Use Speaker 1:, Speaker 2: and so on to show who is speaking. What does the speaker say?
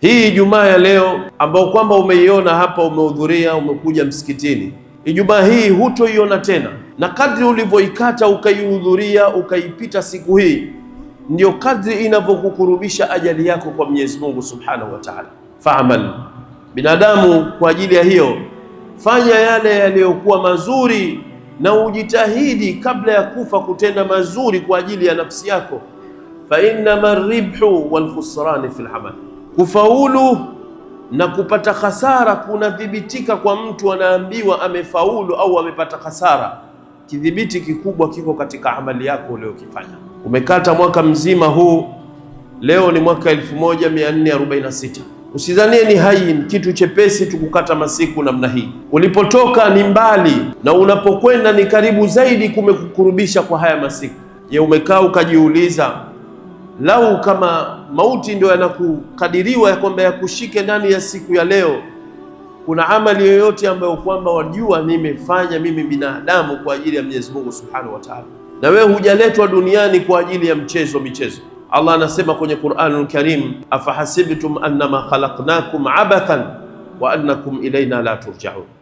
Speaker 1: Hii Ijumaa ya leo ambayo kwamba umeiona hapa, umehudhuria, umekuja msikitini, Ijumaa hii hutoiona tena, na kadri ulivyoikata ukaihudhuria, ukaipita siku hii, ndio kadri inavyokukurubisha ajali yako kwa Mwenyezi Mungu Subhanahu wa Ta'ala. Fa'mal binadamu, kwa ajili ya hiyo fanya yale yaliyokuwa mazuri na ujitahidi kabla ya kufa kutenda mazuri kwa ajili ya nafsi yako, fa innama ribhu wal khusrani fil amal Kufaulu na kupata kuna kunathibitika kwa mtu anaambiwa amefaulu au amepata hasara Kidhibiti kikubwa kiko katika amali yako uliyokifanya. Umekata mwaka mzima huu, leo ni mwaka 1446. Usidhanie ni hain kitu chepesi tukukata masiku namna hii. Ulipotoka ni mbali na unapokwenda ni karibu zaidi, kumekukurubisha kwa haya masiku. Je, umekaa ukajiuliza lau kama mauti ndio yanakukadiriwa ya kwamba yakushike ndani ya siku ya leo, kuna amali yoyote ambayo kwamba wajua nimefanya mimi binadamu kwa ajili ya Mwenyezi Mungu Subhanahu wa Ta'ala. Na wewe hujaletwa duniani kwa ajili ya mchezo michezo. Allah anasema kwenye Qur'anul Karim, afahasibtum annama khalaqnakum abathan wa annakum ilayna la turja'un